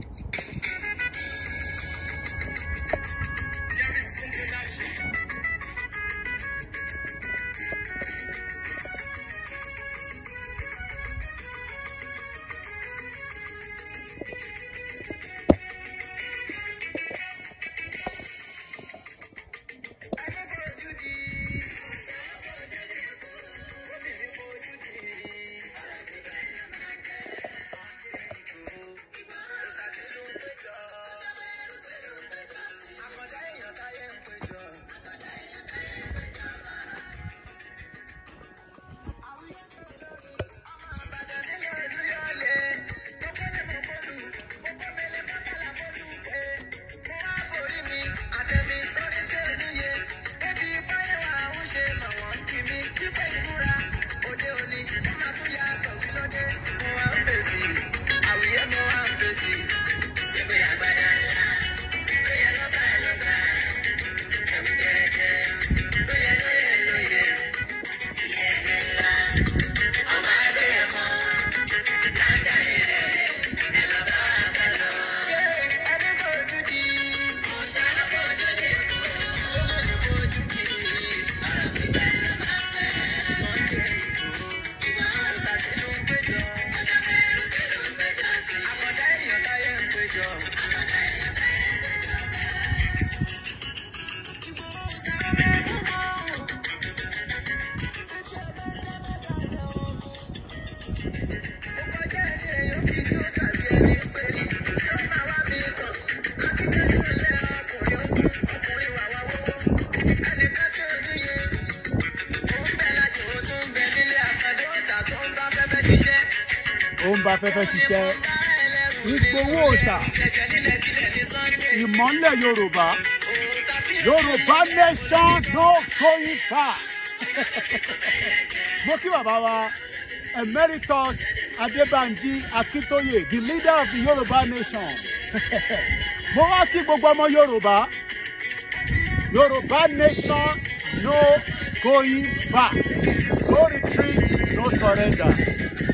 Thank you. ó ń ba afẹ́fẹ́ ṣiṣẹ́ ìgbowó òòṣà ìmọ̀lẹ̀ yorùbá yorùbá nation no going back mo kí bàbá wa emeritus adébànjí akíntóyè the leader of the yorùbá nation mo wá kí gbogbo ọmọ yorùbá yorùbá nation no going back no retreat no surrender.